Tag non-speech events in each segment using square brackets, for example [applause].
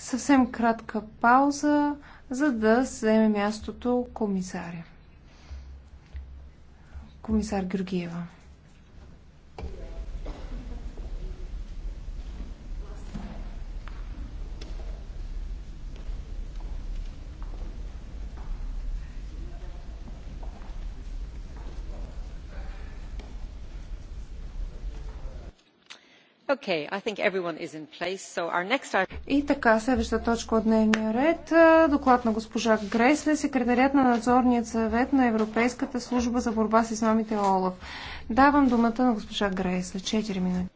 съвсем кратка пауза, за да вземе мястото комисаря. Комисар Георгиева. И така, следваща точка от дневния ред. Доклад на госпожа Гресле, секретарят на надзорният съвет на Европейската служба за борба с измамите ОЛАФ. Давам думата на госпожа Гресле. Четири минути.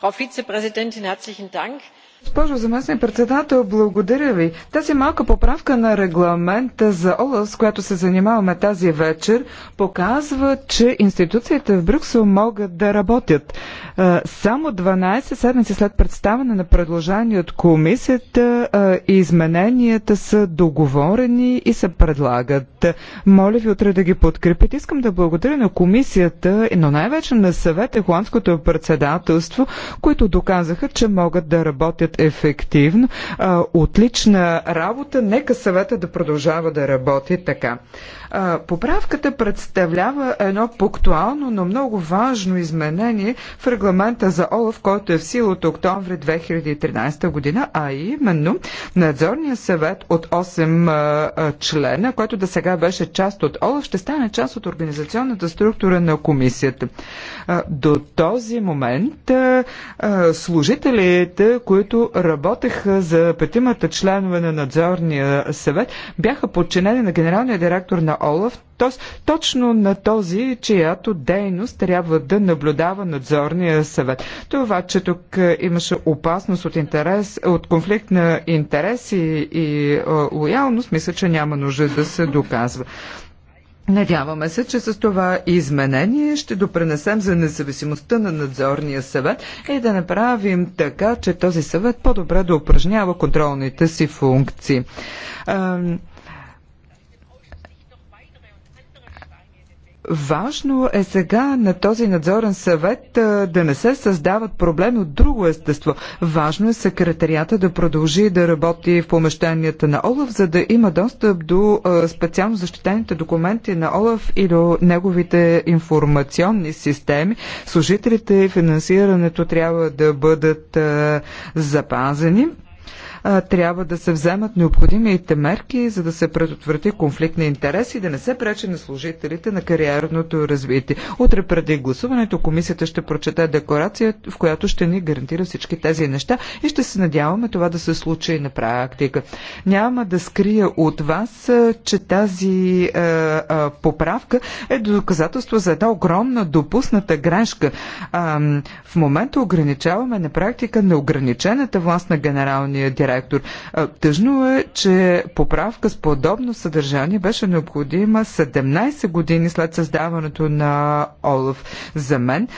Frau Vizepräsidentin, herzlichen Dank. Госпожо заместник председател, благодаря ви. Тази малка поправка на регламента за ОЛАС, която се занимаваме тази вечер, показва, че институциите в Брюксел могат да работят. Само 12 седмици след представане на предложение от комисията и измененията са договорени и се предлагат. Моля ви утре да ги подкрепите. Искам да благодаря на комисията, но най-вече на съвета Холандското председателство, които доказаха, че могат да работят действат ефективно. А, отлична работа. Нека съвета да продължава да работи така. Поправката представлява едно пунктуално, но много важно изменение в регламента за ОЛАФ, който е в сила от октомври 2013 година, а именно надзорния съвет от 8 члена, който да сега беше част от ОЛАФ, ще стане част от организационната структура на комисията. До този момент служителите, които работеха за петимата членове на надзорния съвет, бяха подчинени на генералния директор на Олаф, т.е. точно на този, чиято дейност трябва да наблюдава надзорния съвет. Това, че тук е, имаше опасност от, интерес, от конфликт на интереси и е, лоялност, мисля, че няма нужда да се доказва. Надяваме се, че с това изменение ще допренесем за независимостта на надзорния съвет и да направим така, че този съвет по-добре да упражнява контролните си функции. Важно е сега на този надзорен съвет да не се създават проблеми от друго естество. Важно е секретарията да продължи да работи в помещенията на Олаф, за да има достъп до специално защитените документи на Олаф и до неговите информационни системи. Служителите и финансирането трябва да бъдат запазени трябва да се вземат необходимите мерки, за да се предотврати конфликт на интереси и да не се пречи на служителите на кариерното развитие. Утре преди гласуването комисията ще прочете декларация, в която ще ни гарантира всички тези неща и ще се надяваме това да се случи на практика. Няма да скрия от вас, че тази е, е, поправка е доказателство за една огромна допусната грешка. Е, в момента ограничаваме на практика неограничената власт на генералния директор директор. Тъжно е, че поправка с подобно съдържание беше необходима 17 години след създаването на Олаф. За мен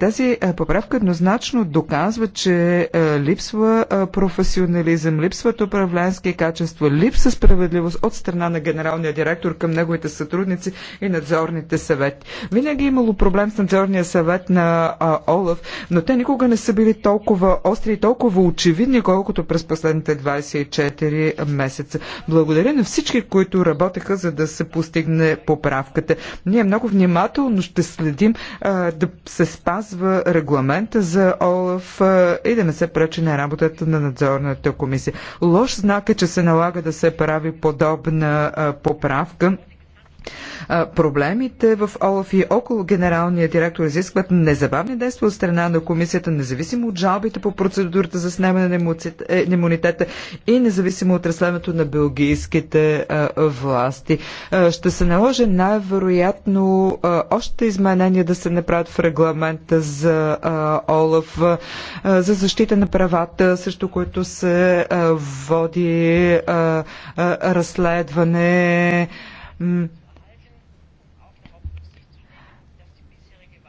тази поправка еднозначно доказва, че липсва професионализъм, липсват управленски качества, липса справедливост от страна на генералния директор към неговите сътрудници и надзорните съвети. Винаги е имало проблем с надзорния съвет на Олаф, но те никога не са били толкова остри и толкова очевидни, колкото през последните последните 24 месеца. Благодаря на всички, които работеха, за да се постигне поправката. Ние много внимателно ще следим а, да се спазва регламента за ОЛАФ а, и да не се пречи на работата на надзорната комисия. Лош знак е, че се налага да се прави подобна а, поправка Проблемите в ОЛАФ и около генералния директор изискват незабавни действия от страна на комисията, независимо от жалбите по процедурата за снемане на е, имунитета и независимо от разследването на белгийските власти. Ще се наложи най-вероятно още изменения да се направят в регламента за ОЛАФ за защита на правата, срещу които се води разследване.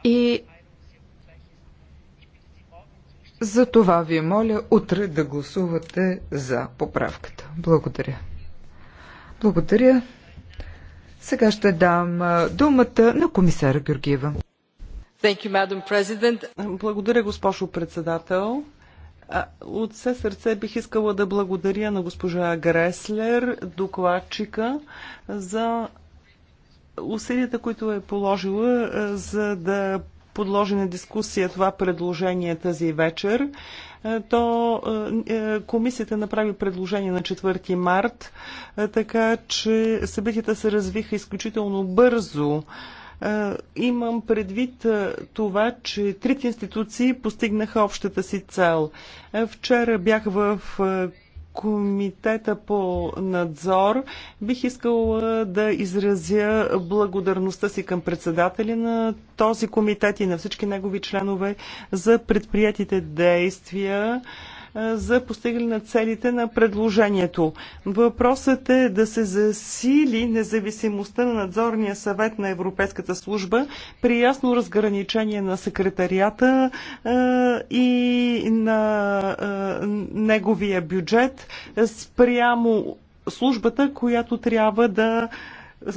И за това ви моля утре да гласувате за поправката. Благодаря. Благодаря. Сега ще дам думата на комисара Георгиева. Благодаря, госпожо председател. От все сърце бих искала да благодаря на госпожа Греслер, докладчика, за усилията, които е положила, е, за да подложи на дискусия това предложение тази вечер, е, то е, комисията направи предложение на 4 март, така че събитията се развиха изключително бързо. Имам предвид това, че трите институции постигнаха общата си цел. Вчера бях в Комитета по надзор, бих искал да изразя благодарността си към председателя на този комитет и на всички негови членове за предприятите действия за постигане на целите на предложението. Въпросът е да се засили независимостта на надзорния съвет на Европейската служба при ясно разграничение на секретарията и на неговия бюджет спрямо службата, която трябва да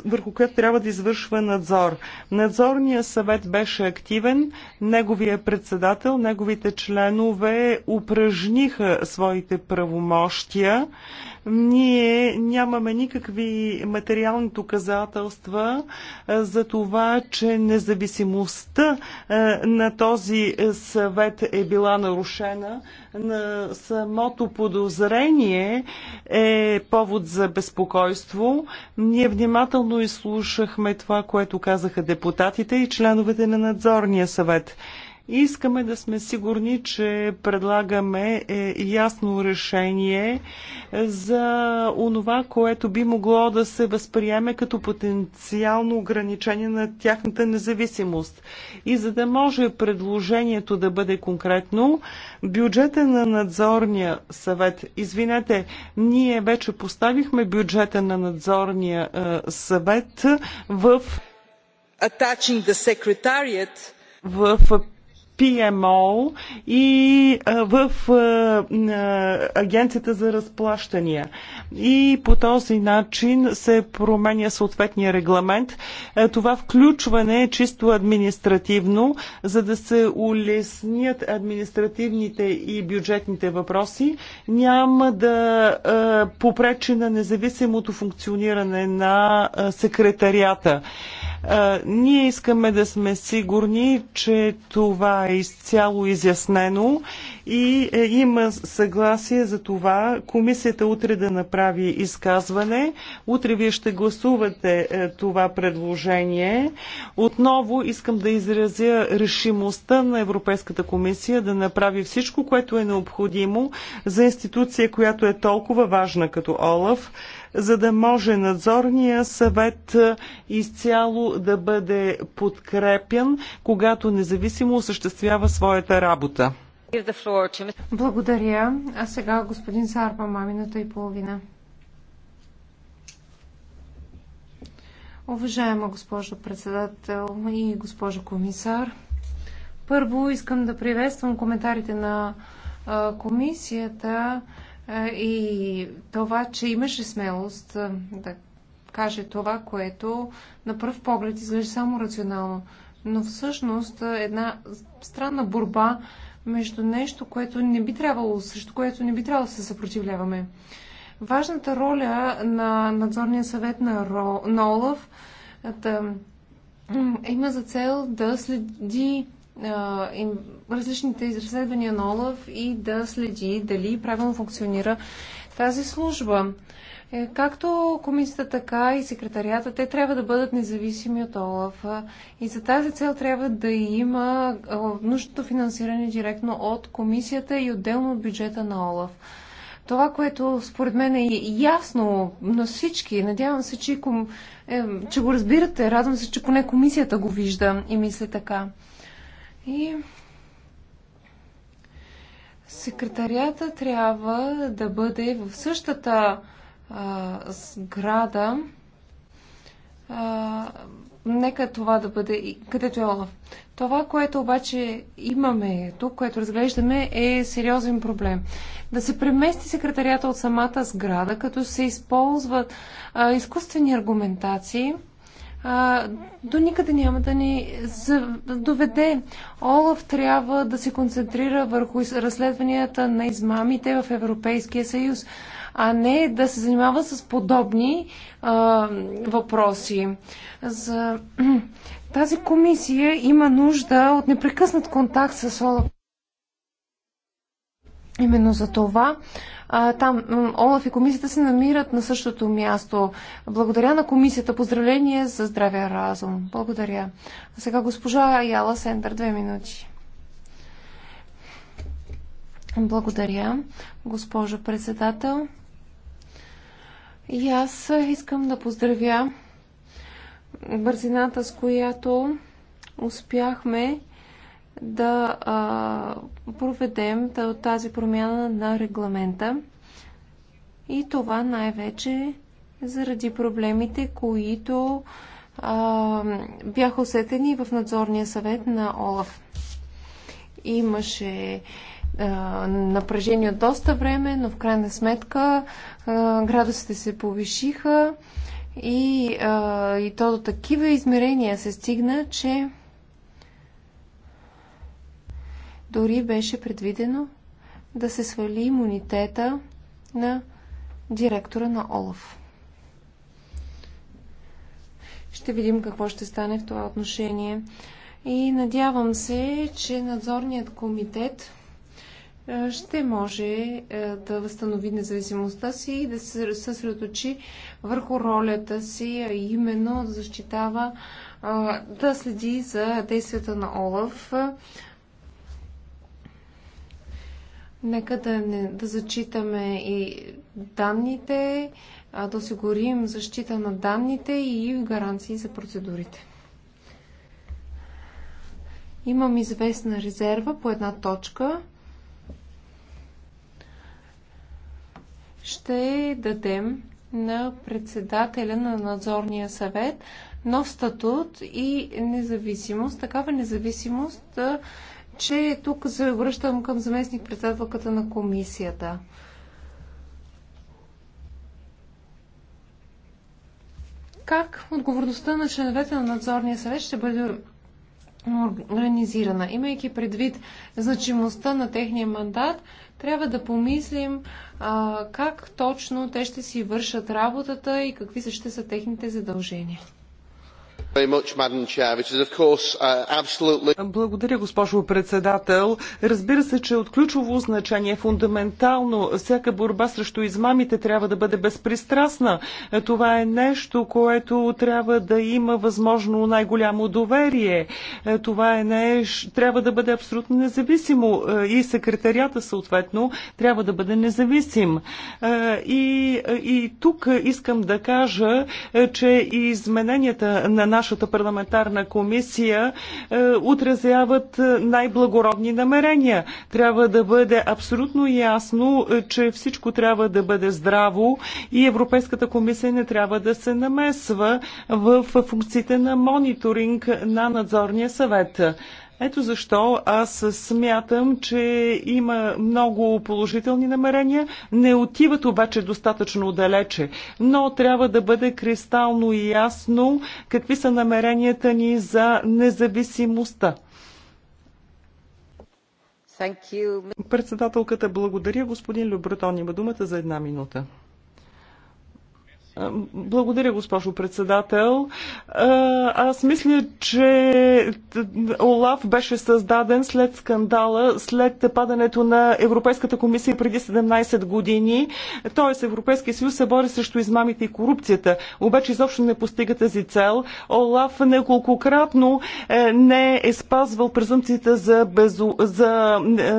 върху която трябва да извършва надзор. Надзорният съвет беше активен, неговия председател, неговите членове упражниха своите правомощия ние нямаме никакви материални доказателства за това, че независимостта на този съвет е била нарушена. На самото подозрение е повод за безпокойство. Ние внимателно изслушахме това, което казаха депутатите и членовете на надзорния съвет. Искаме да сме сигурни, че предлагаме е, ясно решение за онова, което би могло да се възприеме като потенциално ограничение на тяхната независимост. И за да може предложението да бъде конкретно, бюджета на надзорния съвет, извинете, ние вече поставихме бюджета на надзорния е, съвет в в PMO и в Агенцията за разплащания. И по този начин се променя съответния регламент. Е, това включване е чисто административно, за да се улеснят административните и бюджетните въпроси. Няма да попречи на независимото функциониране на секретарията. Ние искаме да сме сигурни, че това е изцяло изяснено и е, има съгласие за това комисията утре да направи изказване. Утре вие ще гласувате е, това предложение. Отново искам да изразя решимостта на Европейската комисия да направи всичко, което е необходимо за институция, която е толкова важна като ОЛАФ за да може надзорния съвет е, изцяло да бъде подкрепен, когато независимо осъществява своята работа. Благодаря. А сега господин Сарпа, мамината и половина. Уважаема госпожо председател и госпожо комисар, първо искам да приветствам коментарите на комисията и това, че имаше смелост да каже това, което на пръв поглед изглежда само рационално, но всъщност една странна борба между нещо, което не би трябвало, срещу което не би трябвало да се съпротивляваме. Важната роля на надзорния съвет на, Ро, на Олаф да, има за цел да следи различните изразследвания на ОЛАФ и да следи дали правилно функционира тази служба. Е, както комисията, така и секретарията, те трябва да бъдат независими от ОЛАФ. И за тази цел трябва да има нужното финансиране директно от комисията и отделно от бюджета на ОЛАФ. Това, което според мен е ясно на всички, надявам се, че, ком... е, че го разбирате, радвам се, че поне комисията го вижда и мисли така. И секретарията трябва да бъде в същата а, сграда, а, нека това да бъде където е Олаф. Това, което обаче имаме тук, което разглеждаме, е сериозен проблем. Да се премести секретарията от самата сграда, като се използват а, изкуствени аргументации – до никъде няма да ни доведе. Олаф трябва да се концентрира върху разследванията на измамите в Европейския съюз, а не да се занимава с подобни а, въпроси. За [clears throat] тази комисия има нужда от непрекъснат контакт с Олаф. Именно за това а, там Олаф и комисията се намират на същото място. Благодаря на комисията. Поздравление за здравия разум. Благодаря. А сега госпожа Яла Сендър, две минути. Благодаря, госпожо председател. И аз искам да поздравя бързината, с която успяхме да а, проведем тази промяна на регламента. И това най-вече заради проблемите, които а, бяха усетени в надзорния съвет на Олаф. Имаше а, напрежение от доста време, но в крайна сметка а, градусите се повишиха и, а, и то до такива измерения се стигна, че Дори беше предвидено да се свали имунитета на директора на ОЛАФ. Ще видим какво ще стане в това отношение. И надявам се, че надзорният комитет е, ще може е, да възстанови независимостта си и да се съсредоточи върху ролята си, а именно да защитава, е, да следи за действията на Олаф Нека да, не, да зачитаме и данните, а да осигурим защита на данните и гаранции за процедурите. Имам известна резерва по една точка. Ще дадем на председателя на надзорния съвет нов статут и независимост. Такава независимост че тук се връщам към заместник-председателката на комисията. Как отговорността на членовете на надзорния съвет ще бъде организирана? Имайки предвид значимостта на техния мандат, трябва да помислим а, как точно те ще си вършат работата и какви ще са техните задължения. Uh, Благодаря, госпожо председател. Разбира се, че е от ключово значение, фундаментално, всяка борба срещу измамите трябва да бъде безпристрастна. Това е нещо, което трябва да има възможно най-голямо доверие. Това е нещо, трябва да бъде абсолютно независимо е, и секретарията съответно трябва да бъде независим. Е, и, и тук искам да кажа, че измененията на нашата нашата парламентарна комисия е, отразяват е, най-благородни намерения. Трябва да бъде абсолютно ясно, е, че всичко трябва да бъде здраво и Европейската комисия не трябва да се намесва в функциите на мониторинг на надзорния съвет. Ето защо аз смятам, че има много положителни намерения, не отиват обаче достатъчно далече, но трябва да бъде кристално и ясно какви са намеренията ни за независимостта. Председателката благодаря. Господин Любротон има думата за една минута. Благодаря, госпожо председател. Аз мисля, че ОЛАФ беше създаден след скандала, след падането на Европейската комисия преди 17 години. Тоест Европейския съюз се бори срещу измамите и корупцията. Обаче изобщо не постига тази цел. ОЛАФ неколкократно е, не е спазвал презумпцията за, безу... за е, е,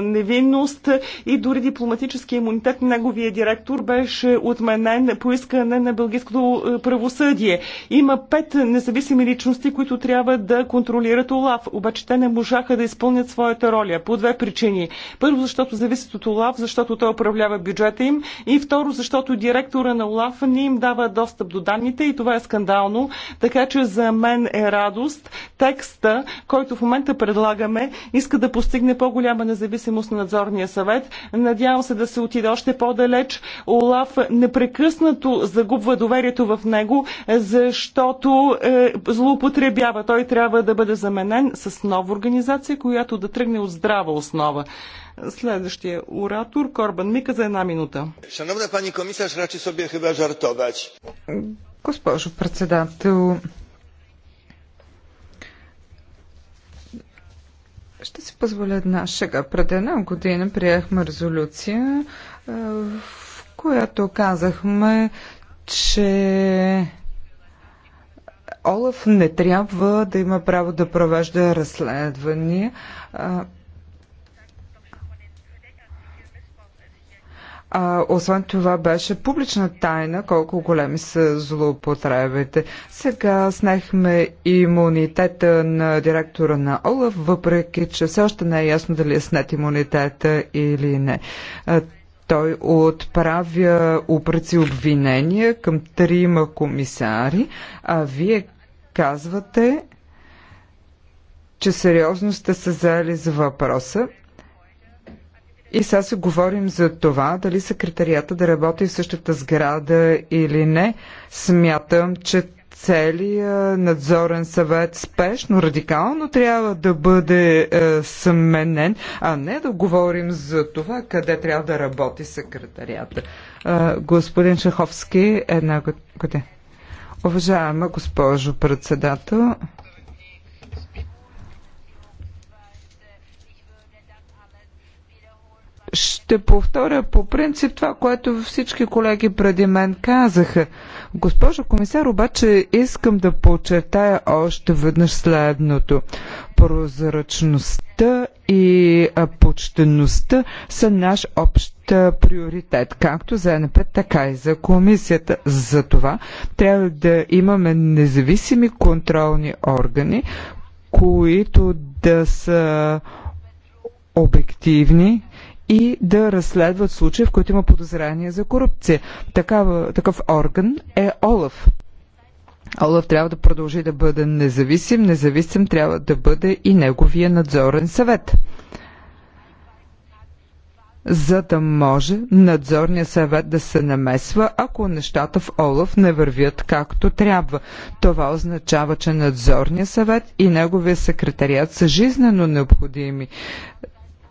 невинност и дори дипломатически имунитет. Неговия директор беше отменен член по искане на бългийското е, правосъдие. Има пет независими личности, които трябва да контролират Олаф, обаче те не можаха да изпълнят своята роля по две причини. Първо, защото зависят от Олаф, защото той управлява бюджета им и второ, защото директора на Олаф не им дава достъп до данните и това е скандално, така че за мен е радост текста, който в момента предлагаме, иска да постигне по-голяма независимост на надзорния съвет. Надявам се да се отиде още по-далеч. Олаф непрекъснато непрекъснато загубва доверието в него, защото е, злоупотребява. Той трябва да бъде заменен с нова организация, която да тръгне от здрава основа. Следващия оратор Корбан Мика за една минута. Шановна пани комисар, рачи собе хиба жартовач. Госпожо председател, ще си позволя една шега. Пред една година приехме резолюция, в е, която казахме, че Олаф не трябва да има право да провежда разследвания. А, освен това беше публична тайна колко големи са злоупотребите. Сега снехме имунитета на директора на ОЛАФ, въпреки че все още не е ясно дали е снет имунитета или не. А, той отправя упреци обвинения към трима комисари, а вие казвате, че сериозно сте се заели за въпроса и сега се говорим за това, дали секретарията да работи в същата сграда или не. Смятам, че Целият надзорен съвет спешно, радикално трябва да бъде е, съменен, а не да говорим за това къде трябва да работи секретарията. Е, господин Шаховски, една година. Уважаема госпожо председател, Ще повторя по принцип това, което всички колеги преди мен казаха. Госпожо комисар, обаче искам да подчертая още веднъж следното. Прозрачността и почтеността са наш общ приоритет, както за НП, така и за комисията. За това трябва да имаме независими контролни органи, които да са обективни, и да разследват случаи, в които има подозрения за корупция. Такава, такъв орган е ОЛАФ. Олаф трябва да продължи да бъде независим, независим трябва да бъде и неговия надзорен съвет. За да може надзорния съвет да се намесва, ако нещата в Олаф не вървят както трябва. Това означава, че надзорния съвет и неговия секретарият са жизнено необходими.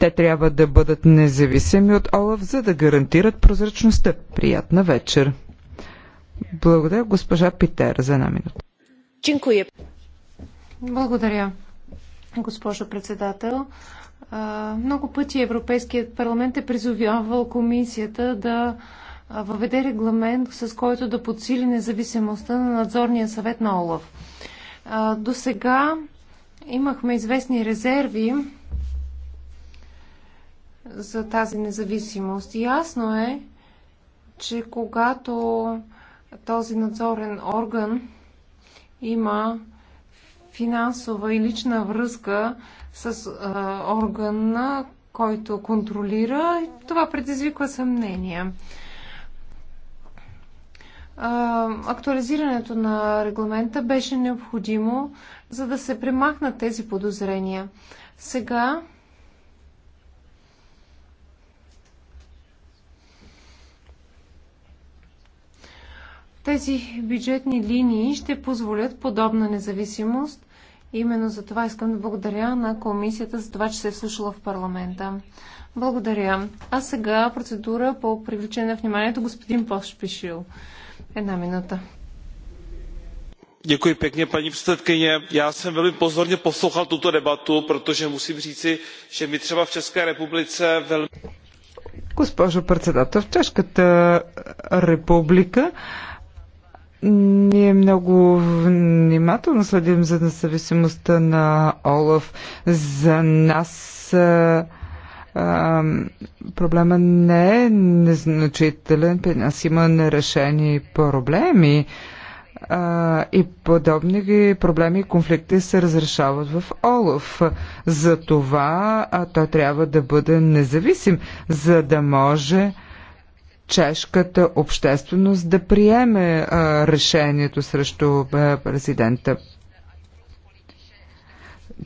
Те трябва да бъдат независими от Олаф, за да гарантират прозрачността. Приятна вечер! Благодаря, госпожа Питер, за една минута. Чинкуя. Благодаря, госпожо председател. Много пъти Европейският парламент е призовявал комисията да въведе регламент, с който да подсили независимостта на надзорния съвет на ОЛАВ. До сега имахме известни резерви за тази независимост. Ясно е, че когато този надзорен орган има финансова и лична връзка с а, органа, който контролира, това предизвиква съмнения. актуализирането на регламента беше необходимо, за да се премахнат тези подозрения. Сега Тези бюджетни линии ще позволят подобна независимост. Именно за това искам да благодаря на комисията за това, че се е слушала в парламента. Благодаря. А сега процедура по привлечение на вниманието господин Пошпишил. Една минута. Děkuji pěkně, paní předsedkyně. Já jsem velmi pozorně poslouchal tuto debatu, protože musím říci, že my třeba v České republice velmi... Госпожо председател, в Чешката република ние много внимателно следим за независимостта на Олаф. За нас а, а, проблема не е незначителен. При нас има нерешени проблеми. А, и подобни проблеми и конфликти се разрешават в Олаф. За това а, той трябва да бъде независим, за да може а, чешката общественост да приеме а, решението срещу а, президента.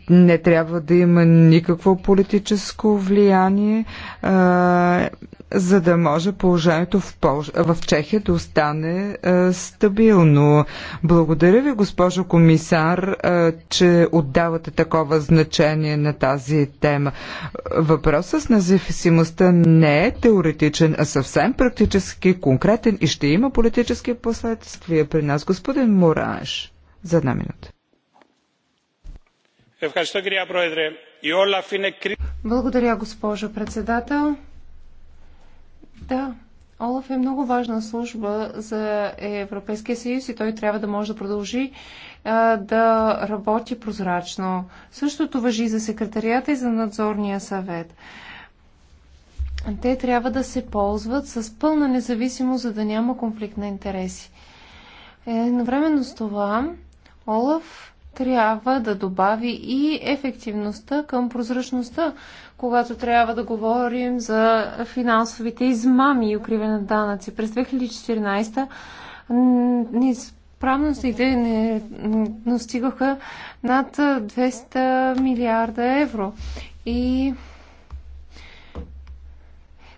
Не трябва да има никакво политическо влияние. А, за да може положението в, Полж... в Чехия да остане е, стабилно. Благодаря ви, госпожо комисар, е, че отдавате такова значение на тази тема. Въпросът с независимостта не е теоретичен, а съвсем практически конкретен и ще има политически последствия при нас. Господин Мораш, за една минута. Благодаря, госпожо председател. Да, Олаф е много важна служба за Европейския съюз и той трябва да може да продължи а, да работи прозрачно. Същото въжи за секретарията и за надзорния съвет. Те трябва да се ползват с пълна независимост, за да няма конфликт на интереси. Е, навременно с това Олаф трябва да добави и ефективността към прозрачността, когато трябва да говорим за финансовите измами и укриване на данъци. През 2014 неизправностите не достигаха над 200 милиарда евро. И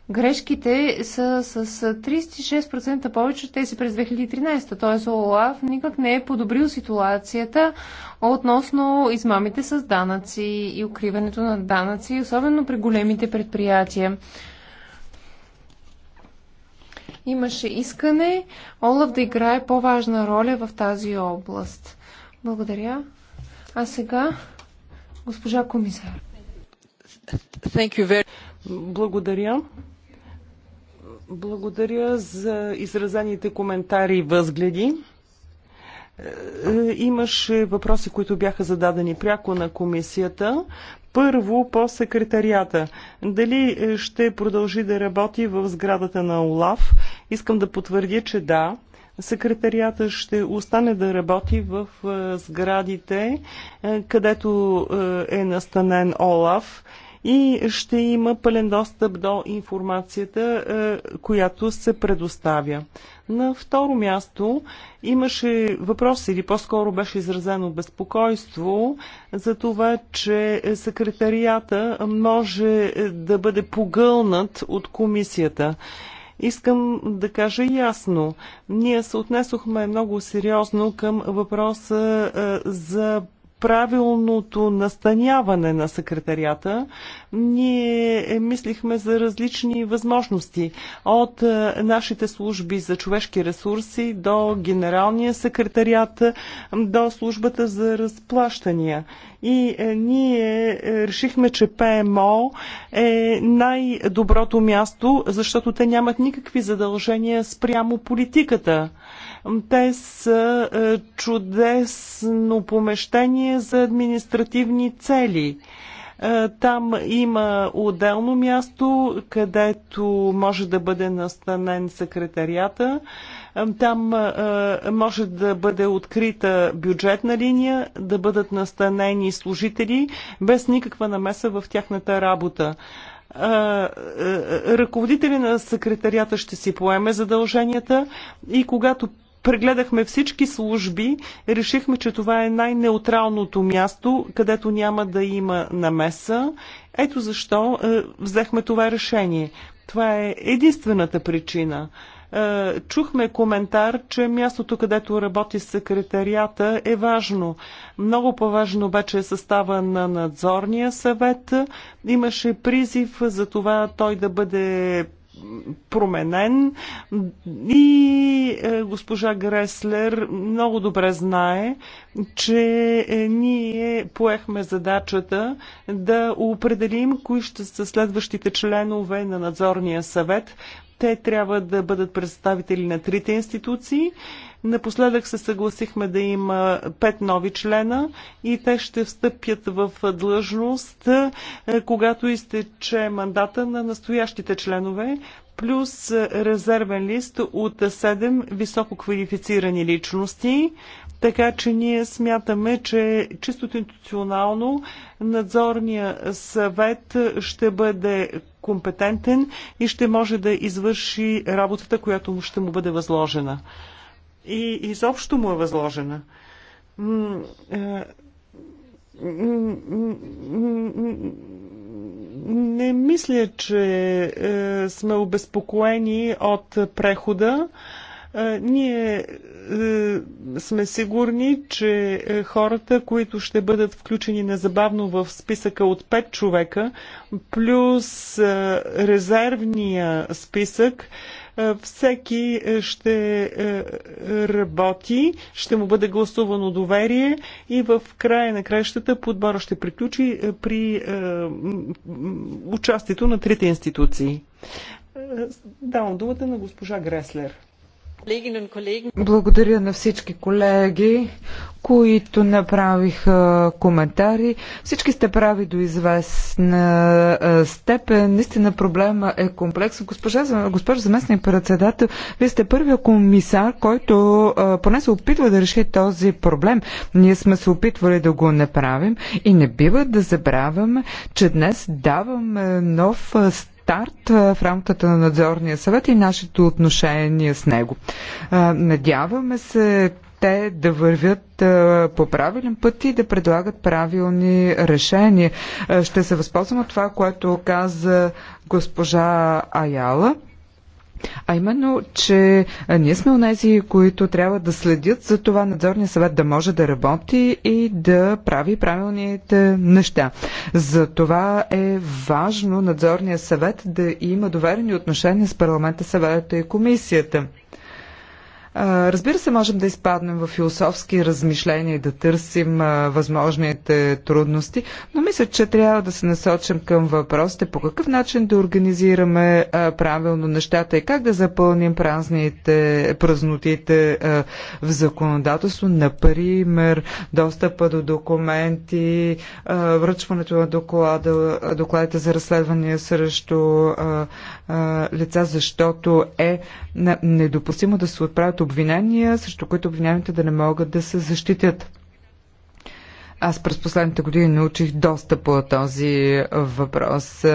Грешките са с 36% повече от тези през 2013. Т.е. ОЛАФ никак не е подобрил ситуацията относно измамите с данъци и укриването на данъци, особено при големите предприятия. Имаше искане Олаф да играе по-важна роля в тази област. Благодаря. А сега госпожа комисар. Благодаря. Благодаря за изразените коментари и възгледи. Е, имаше въпроси, които бяха зададени пряко на комисията. Първо по секретарията. Дали е, ще продължи да работи в сградата на ОЛАВ? Искам да потвърдя, че да. Секретарията ще остане да работи в е, сградите, където е настанен ОЛАВ и ще има пълен достъп до информацията, е, която се предоставя. На второ място имаше въпрос или по-скоро беше изразено безпокойство за това, че секретарията може да бъде погълнат от комисията. Искам да кажа ясно. Ние се отнесохме много сериозно към въпроса е, за правилното настаняване на секретарията, ние мислихме за различни възможности. От е, нашите служби за човешки ресурси до генералния секретарият, до службата за разплащания. И е, ние е, решихме, че ПМО е най-доброто място, защото те нямат никакви задължения спрямо политиката. Те са е, чудесно помещение за административни цели. Е, там има отделно място, където може да бъде настанен секретарията. Е, там може да бъде открита бюджетна линия, да бъдат настанени служители без никаква намеса в тяхната работа ръководители на секретарията ще си поеме задълженията и когато прегледахме всички служби, решихме, че това е най-неутралното място, където няма да има намеса. Ето защо е, взехме това решение. Това е единствената причина. Е, чухме коментар, че мястото, където работи секретарията е важно. Много по-важно обаче е състава на надзорния съвет. Имаше призив за това той да бъде променен и е, госпожа Греслер много добре знае, че е, ние поехме задачата да определим кои ще са следващите членове на надзорния съвет, те трябва да бъдат представители на трите институции. Напоследък се съгласихме да има пет нови члена и те ще встъпят в длъжност, е, когато изтече мандата на настоящите членове, плюс резервен лист от 7 високо квалифицирани личности. Така че ние смятаме, че чисто институционално надзорния съвет ще бъде компетентен и ще може да извърши работата, която ще му бъде възложена. И изобщо му е възложена не мисля, че е, сме обезпокоени от прехода. Ние е, сме сигурни, че е, хората, които ще бъдат включени незабавно в списъка от 5 човека, плюс е, резервния списък, всеки ще работи, ще му бъде гласувано доверие и в края на кращата подбора ще приключи при участието на трите институции. Давам думата на госпожа Греслер. Благодаря на всички колеги, които направиха коментари. Всички сте прави до известна е, степен. Наистина проблема е комплекс. Госпожа, госпожа заместник председател, вие сте първия комисар, който е, поне се опитва да реши този проблем. Ние сме се опитвали да го направим и не бива да забравяме, че днес даваме нов степен старт в рамката на надзорния съвет и нашето отношение с него. Надяваме се те да вървят по правилен път и да предлагат правилни решения. ще се възползвам от това, което каза госпожа Аяла. А именно, че ние сме онези, които трябва да следят за това надзорния съвет да може да работи и да прави правилните неща. За това е важно надзорния съвет да има доверени отношения с парламента, съвета и комисията. Разбира се, можем да изпаднем в философски размишления и да търсим възможните трудности, но мисля, че трябва да се насочим към въпросите по какъв начин да организираме правилно нещата и как да запълним празните, празнотите в законодателство, например, достъпа до документи, връчването на доклада, докладите за разследвания срещу лица, защото е недопустимо да се отправят обвинения, срещу които обвиняемите да не могат да се защитят. Аз през последните години научих доста по този въпрос.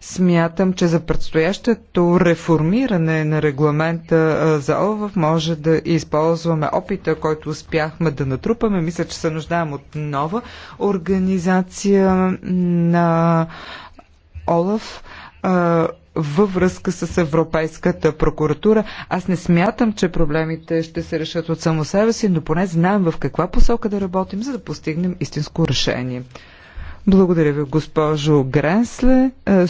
Смятам, че за предстоящото реформиране на регламента за ОЛВ може да използваме опита, който успяхме да натрупаме. Мисля, че се нуждаем от нова организация на ОЛАФ във връзка с Европейската прокуратура. Аз не смятам, че проблемите ще се решат от само себе си, но поне знаем в каква посока да работим, за да постигнем истинско решение. Благодаря ви, госпожо Гренсле. Е,